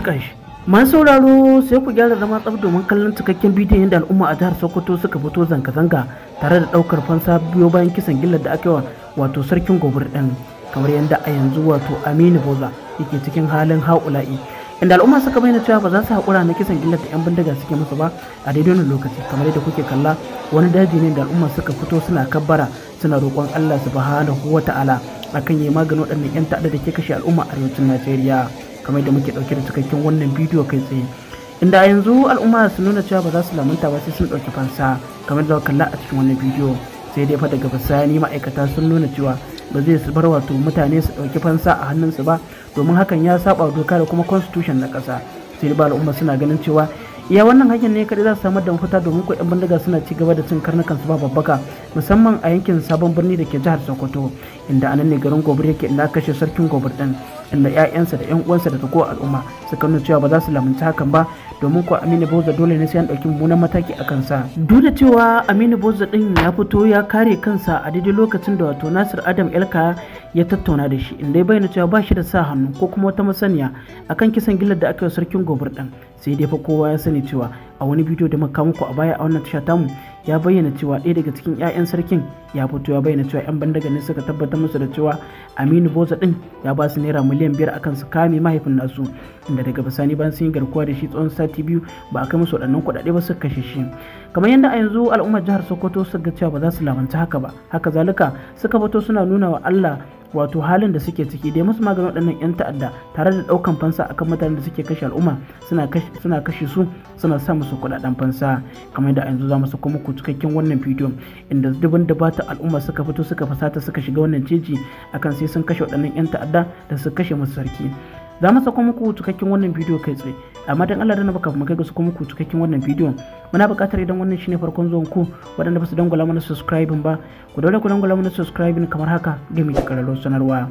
sirkan shi sauraro sai ku gyara zama tsab domin kallon cikakken bidiyon da al'umma a jihar sokoto suka fito zanga-zanga tare da ɗaukar fansa biyo bayan kisan gillar da aka yi wato sarkin gobir ɗin kamar yadda a yanzu wato aminu boza yake cikin halin haƙula'i. inda al'umma suka bayyana cewa ba za su haƙura na kisan gillar da 'yan bindiga suke masa ba a daidai wani lokaci kamar yadda kuke kalla wani daji ne da al'umma suka fito suna kabbara suna roƙon allah subhanahu wa ta'ala akan yi maganin waɗannan 'yan ta'adda da ke kashe al'umma arewacin najeriya kamar da muke dauke da cikakken wannan bidiyo kai tsaye inda yanzu al'umma su nuna cewa ba za su lamunta ba sai sun dauki fansa kamar da kalla a cikin wannan bidiyo sai dai fa daga bisani ma'aikata sun nuna cewa ba zai bar wato mutane su dauki fansa a hannunsu ba domin hakan ya saba doka da kuma constitution na kasa sai ba al'umma suna ganin cewa ya wannan hakan ne kadai za su samar da mafita domin ko 'yan bindiga suna ci gaba da cin karnukan su ba babbaka musamman a yankin sabon birni da ke jihar sokoto inda anan ne garin gobir yake inda kashe sarkin gobir din inda 'ya'yansa da 'yan uwansa da ragowar al'umma suka nuna cewa ba za su lamunta hakan ba domin ko aminu Bozo dole ne sai an ɗauki mummunan mataki a kansa duk da cewa aminu Bozo ɗin ya fito ya kare kansa a daidai lokacin da wato nasir adam elka ya tattauna da shi inda ya bayyana cewa ba shi da sa hannu ko kuma wata masaniya akan kisan gillar da aka yi sarkin gobar ɗin sai dai fa kowa ya sani cewa a wani bidiyo da muka muku a baya a wannan tasha tamu ya bayyana cewa ɗaya daga cikin 'ya'yan sarkin ya fito ya bayyana cewa 'yan bandaga suka tabbatar musu da cewa aminu boza ɗin ya ba su naira miliyan biyar akan su kame mahaifin nasu inda daga bisani bayan sun yi garkuwa da shi tsawon sati biyu ba a kai musu waɗannan kuɗaɗe ba su kashe shi kamar yadda a yanzu al'ummar jihar sokoto su ga cewa ba za su lamanta haka ba haka zalika suka fito suna nuna wa allah wato halin da suke ciki dai musu maganin waɗannan 'yan ta'adda tare da ɗaukan fansa akan mutanen da suke kashe al'umma suna kashe su suna sa musu kuɗaɗen fansa kamar yadda a yanzu za mu su kuma muku cikakken wannan bidiyo inda dubin da bata al'umma suka fito suka fasata suka shiga wannan jeji akan sai sun kashe waɗannan 'yan ta'adda da su kashe musu sarki za mu sako muku cikakken wannan bidiyo kai tsaye amma dan Allah dana baka mu kai ga sako muku cikakken wannan bidiyo muna buƙatar idan wannan shine farkon zuwan ku waɗanda ba su dangwala mana subscribing ba ku daure ku dangwala mana subscribing kamar haka game da karalo sanarwa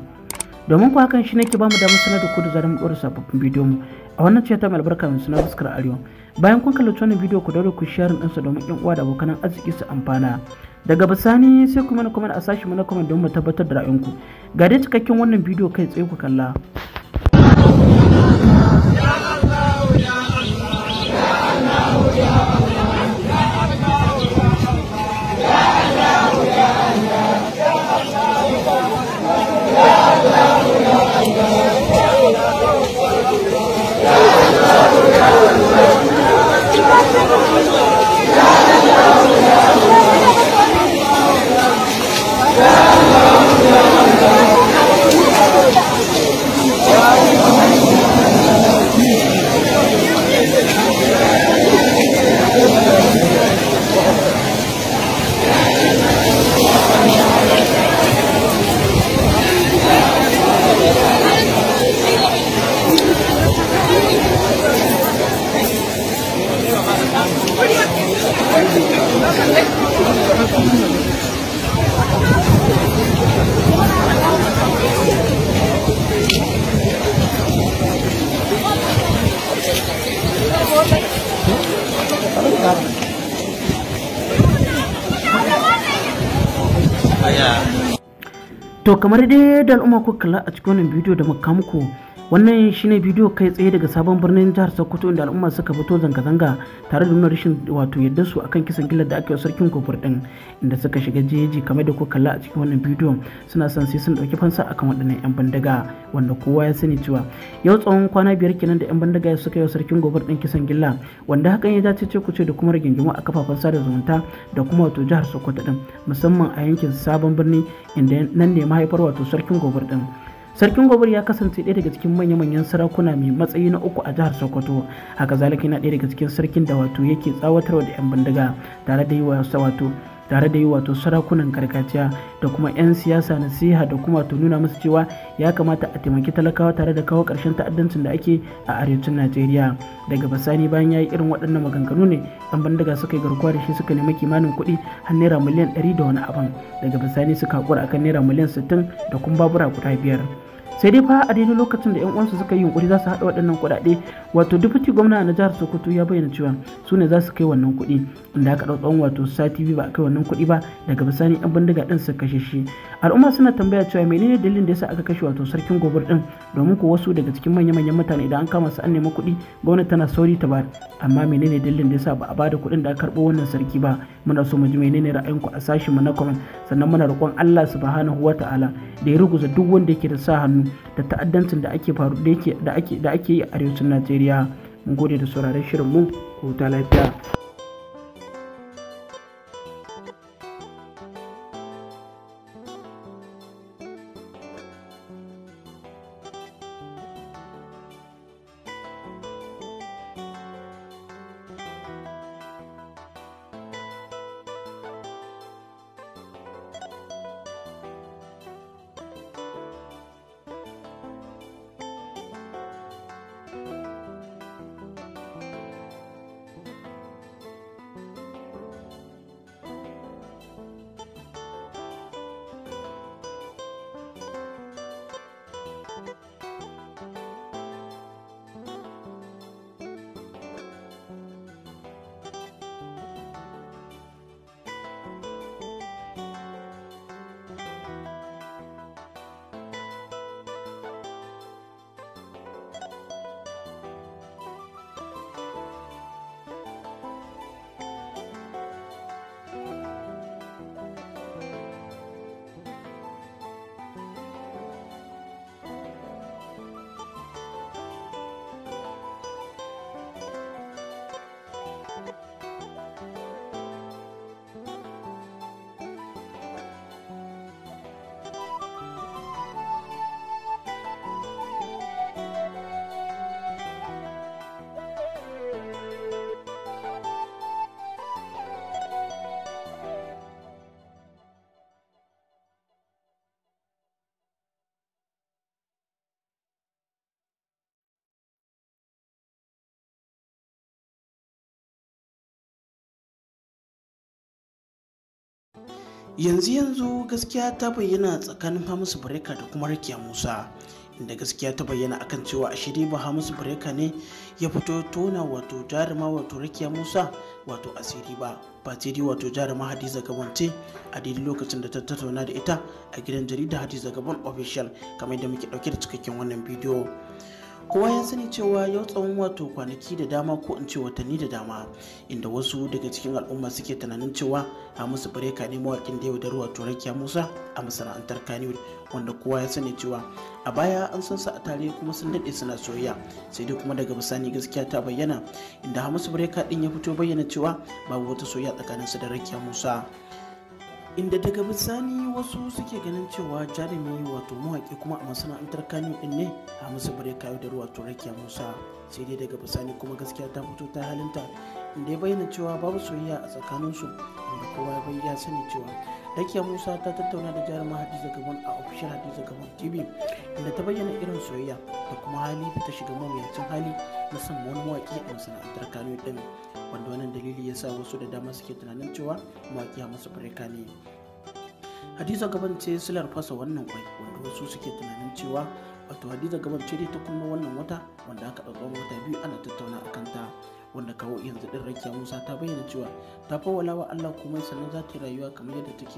domin kuwa kan shi nake bamu damar sanar da ku da zarin ɗora sababbin bidiyo mu a wannan ce ta mai albarka mai suna fuskar arewa bayan kun kalli wannan bidiyo ku dole ku share ɗinsa domin ƴan uwa da abokan arziki su amfana daga bisani sai ku mana kuma a sashi mana kuma don mu tabbatar da ra'ayinku ga dai cikakken wannan bidiyo kai tsaye ku kalla To kamar dai da al'umma ku kalla a cikin wannan bidiyo da muka wannan shine bidiyo kai tsaye daga sabon birnin jihar sokoto inda al'umma suka fito zanga-zanga tare da nuna rashin wato yadda su akan kisan gilla da aka yi sarkin kofar din inda suka shiga jeji kamar da ko kalla a cikin wannan bidiyo suna son sai sun dauki fansa akan waɗannan yan bandaga wanda kowa ya sani cewa yau tsawon kwana biyar kenan da yan bandaga suka yi sarkin kofar din kisan gilla wanda hakan ya dace ce kuce da kuma rigingimu a kafafen sada zumunta da kuma wato jihar sokoto din musamman a yankin sabon birni inda nan ne mahaifar wato sarkin kofar din sarkin gobir ya kasance ɗaya daga cikin manya-manyan sarakuna mai matsayi na uku a jihar sokoto haka zalika yana ɗaya daga cikin sarkin da wato yake tsawatarwa da 'yan bindiga tare da yi wa wato tare da yi wato sarakunan gargajiya da kuma 'yan siyasa nasiha da kuma wato nuna musu cewa ya kamata a taimaki talakawa tare da kawo ƙarshen ta'addancin da ake a arewacin najeriya daga basani bayan ya yi irin waɗannan maganganu ne ɗan bandaga suka yi garkuwa da shi suka nemi kimanin kuɗi har naira miliyan 100 da wani abin daga basani suka haƙura akan naira miliyan 60 da kuma babura guda biyar sai dai fa a daidai lokacin da 'yan uwansu suka yi yunkuri za su haɗa waɗannan kuɗaɗe wato deputy gwamna na jihar sokoto ya bayyana cewa su ne za su kai wannan kuɗi inda aka ɗau wato sati biyu ba a kai wannan kuɗi ba daga bisani 'yan bindiga ɗin su kashe shi al'umma suna tambaya cewa menene dalilin da yasa aka kashe wato sarkin gobir ɗin domin ko wasu daga cikin manya-manyan mutane idan an kama su an nemi kuɗi gwamnati tana sauri ta ba amma menene dalilin da yasa ba a bada kuɗin da aka karɓo wannan sarki ba muna so mu ji menene ra'ayinku a sashin mu na comment sannan muna roƙon Allah subhanahu wata'ala da ya ruguza duk wanda yake da sa hannu da ta'addancin da ake faru da ake yi a arewacin najeriya mun gode da sauraron shirin mu ko ta lafiya yanzu yanzu gaskiya ta bayyana tsakanin hamisu breka da kuma rikiya musa inda gaskiya ta bayyana akan cewa a shirye ba hamisu breka ne ya fito tona wato jaruma wato rakiya musa wato asiri ba ba dai wato jaruma hadiza gabon ce a daidai lokacin da ta tattauna da ita a gidan jarida hadiza gabon official kamar yadda muke ɗauke da cikakken wannan bidiyo kowa ya sani cewa yau tsawon wato kwanaki da dama ko in ce watanni da dama inda wasu daga cikin al'umma suke tunanin cewa hamisu bireka ne mawakin da yaudar da ruwa musa a masana'antar kaniwood wanda kowa ya sani cewa a baya an san su a tare kuma sun daɗe suna soyayya sai dai kuma daga bisani gaskiya ta bayyana inda hamisu bireka ɗin ya fito bayyana cewa babu wata soyayya su da rakiya musa inda daga bisani wasu suke ganin cewa jarumi wato mawaƙi kuma a masana'antar kanu din ne a musu bare kayo da ruwa to rakiya musa sai dai daga bisani kuma gaskiya ta fito ta halinta inda ya bayyana cewa babu soyayya a tsakaninsu inda kowa ya bayyana sani cewa rakiya musa ta tattauna da jaruma hadiza gabon a ofishin hadiza gabon tv inda ta bayyana irin soyayya da kuma hali da ta shiga mawuyacin hali na san wani mawaƙi a masana'antar kanu din wanda wannan dalili ya sa wasu da dama suke tunanin cewa mawaƙiya masu farka ne hadiza gaban ce silar fasa wannan kwai wanda wasu suke tunanin cewa wato hadiza gaban ce ta kuma wannan wata wanda aka ɗauka wata biyu ana tattauna a kanta wanda kawo yanzu ɗin rakiya musa ta bayyana cewa ta fa wa allah komai sannan za rayuwa kamar yadda take